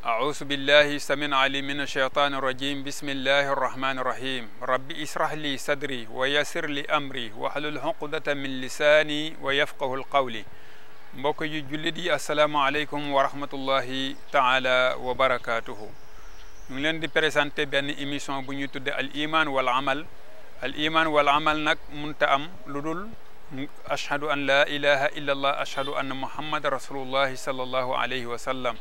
أعوذ بالله سمن علي من الشيطان الرجيم بسم الله الرحمن الرحيم رب اشرح لي صدري ويسر لي أمري وحلل عقدة من لساني ويفقه القول مبوكي جلدي السلام عليكم ورحمة الله تعالى وبركاته نلن دي بريزانتي بن ايميسيون بو نيو تودي الايمان والعمل الايمان والعمل نك منتام لودول اشهد ان لا اله الا الله اشهد ان محمد رسول الله صلى الله عليه وسلم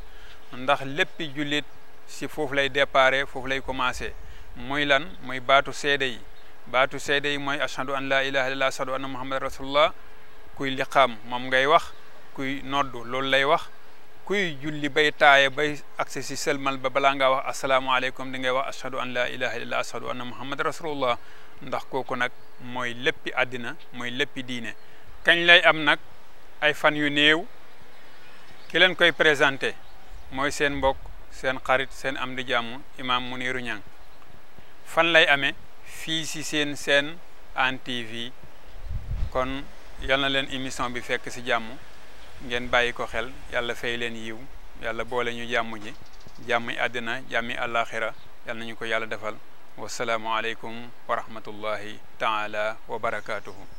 ndax lépp julit si foofu lay déparé foofu lay commencé muy lan muy baatu seede yi baatu seede yi mooy ashhadu an laa ilaha illallah ashhadu anna muhammad rasulullah kuy liqaam moom ngay wax kuy noddu loolu lay wax kuy julli bay taaye bay accès si sëlmal ba balaa ngaa wax asalaamaaleykum di ngay wax ashhadu an laa ilaha illallah ashhadu anna muhammad rasulullah ndax kooku nag mooy léppi àddina mooy léppi diine kañ lay am nag ay fan yu néew ki leen koy présenté mooy seen mbokk seen xarit seen am di jàmm imam Muniru Ñang fan lay amee fii si seen seen Hann kon yal na leen émission bi fekk si jàmm ngeen bàyyi ko xel yàlla fay leen yiw yàlla boole ñu jàmm ji jàmmi àddina jàmmi àllaaxira yal nañu ko yàlla defal wasalaamualeykum wa rahmatullahi taala wa